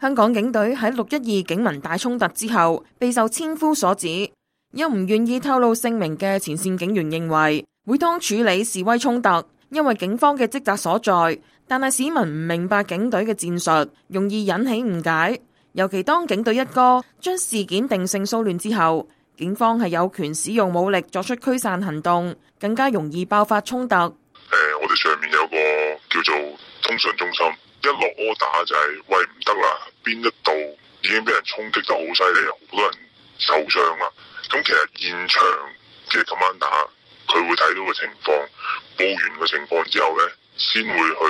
香港警隊喺六一二警民大衝突之後，備受千夫所指。有唔願意透露姓名嘅前線警員認為，會當處理示威衝突，因為警方嘅職責所在。但係市民唔明白警隊嘅戰術，容易引起誤解。尤其當警隊一哥將事件定性騷亂之後，警方係有權使用武力作出驅散行動，更加容易爆發衝突。誒、呃，我哋上面有個叫做通訊中心。一落柯打就係、是、喂唔得啦，邊一度已經俾人衝擊得好犀利，好多人受傷啦。咁其實現場嘅今晚打，佢會睇到個情況，報完個情況之後呢，先會去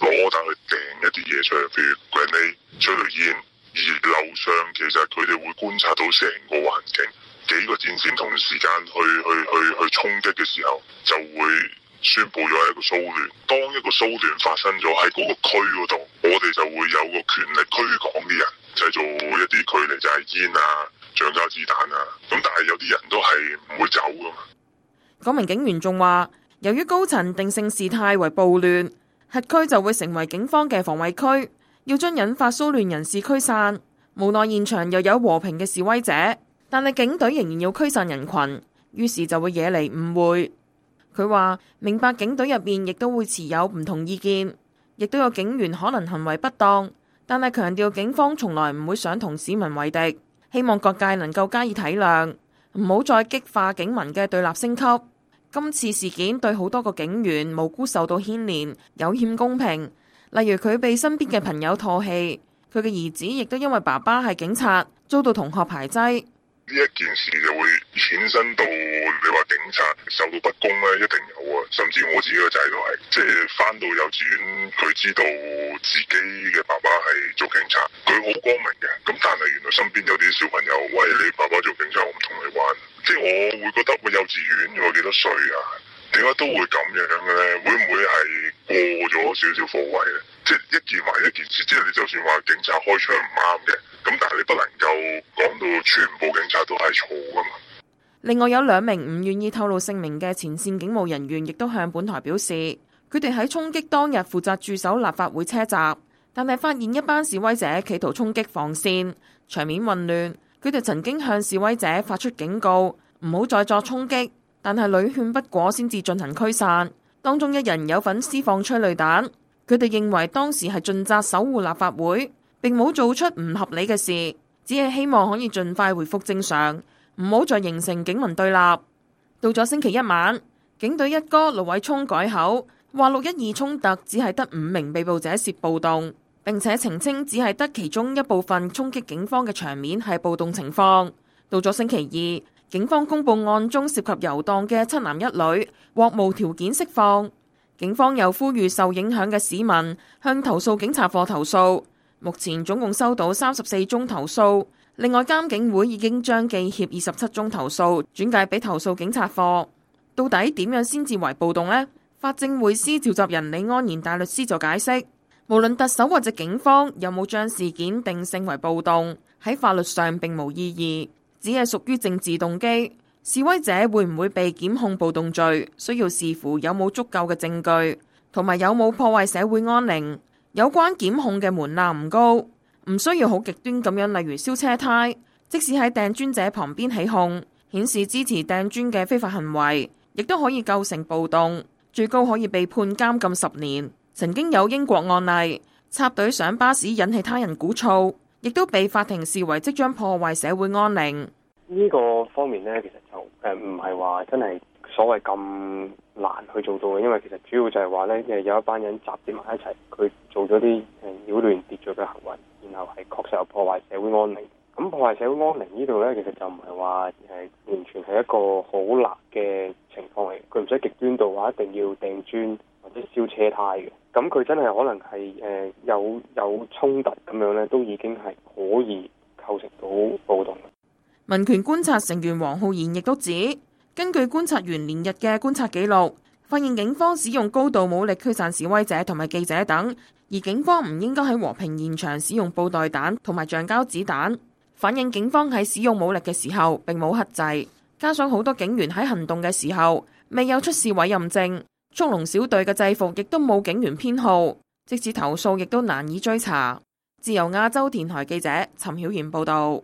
攞柯打去掟一啲嘢出去，譬如 grenade、催淚煙。而樓上其實佢哋會觀察到成個環境，幾個戰線同時間去去去去衝擊嘅時候，就會。宣布咗一個騷亂，當一個騷亂發生咗喺嗰個區嗰度，我哋就會有個權力驅趕嘅人，製造一啲距離就係、是、煙啊、橡膠子彈啊。咁但係有啲人都係唔會走噶。嗰名警員仲話，由於高層定性事態為暴亂，轄區就會成為警方嘅防衛區，要將引發騷亂人士驅散。無奈現場又有和平嘅示威者，但係警隊仍然要驅散人群，於是就會惹嚟誤會。佢話：明白警隊入邊亦都會持有唔同意見，亦都有警員可能行為不當，但係強調警方從來唔會想同市民為敵，希望各界能夠加以體諒，唔好再激化警民嘅對立升級。今次事件對好多個警員無辜受到牽連，有欠公平。例如佢被身邊嘅朋友唾棄，佢嘅兒子亦都因為爸爸係警察，遭到同學排擠。呢一件事就會衍生到你話警察受到不公咧，一定有啊。甚至我自己個仔都係，即係翻到幼稚園，佢知道自己嘅爸爸係做警察，佢好光明嘅。咁但係原來身邊有啲小朋友，喂，你爸爸做警察，我唔同你玩。即係我會覺得個幼稚園我幾多歲啊？點解都會咁樣嘅咧？會唔會係過咗少少火位咧？即係一件埋一件事，即係你就算話警察開槍唔啱嘅。咁但係你不能夠講到全部警察都係錯噶嘛？另外有兩名唔願意透露姓名嘅前線警務人員，亦都向本台表示，佢哋喺衝擊當日負責駐守立法會車閘，但係發現一班示威者企圖衝擊防線，場面混亂。佢哋曾經向示威者發出警告，唔好再作衝擊，但係屢勸不果，先至進行驅散。當中一人有份施放催淚彈。佢哋認為當時係盡責守護立法會。並冇做出唔合理嘅事，只係希望可以盡快回復正常，唔好再形成警民對立。到咗星期一晚，警隊一哥盧偉聰改口話六一二衝突只係得五名被捕者涉暴動，並且澄清只係得其中一部分衝擊警方嘅場面係暴動情況。到咗星期二，警方公布案中涉及遊蕩嘅七男一女獲無條件釋放。警方又呼籲受影響嘅市民向投訴警察課投訴。目前總共收到三十四宗投訴，另外監警會已經將記協二十七宗投訴轉介俾投訴警察課。到底點樣先至為暴動呢？法政匯思召集人李安然大律師就解釋：無論特首或者警方有冇將事件定性為暴動，喺法律上並無意義，只係屬於政治動機。示威者會唔會被檢控暴動罪，需要視乎有冇足夠嘅證據，同埋有冇破壞社會安寧。有關檢控嘅門檻唔高，唔需要好極端咁樣，例如燒車胎，即使喺掟磚者旁邊起哄，顯示支持掟磚嘅非法行為，亦都可以構成暴動，最高可以被判監禁十年。曾經有英國案例，插隊上巴士引起他人鼓噪，亦都被法庭視為即將破壞社會安寧。呢個方面呢，其實就誒唔係話真係。所謂咁難去做到嘅，因為其實主要就係話咧，誒有一班人集結埋一齊，佢做咗啲誒擾亂秩序嘅行為，然後係確實有破壞社會安寧。咁、嗯、破壞社會安寧呢度咧，其實就唔係話誒完全係一個好辣嘅情況嚟，佢唔使極端到話一定要掟磚或者燒車胎嘅。咁、嗯、佢真係可能係誒、呃、有有衝突咁樣咧，都已經係可以構成到暴動。民權觀察成員王浩然亦都指。根據觀察員連日嘅觀察記錄，發現警方使用高度武力驅散示威者同埋記者等，而警方唔應該喺和平現場使用布袋彈同埋橡膠子彈，反映警方喺使用武力嘅時候並冇克制。加上好多警員喺行動嘅時候未有出示委任證，速龍小隊嘅制服亦都冇警員編號，即使投訴亦都難以追查。自由亞洲電台記者陳曉賢報導。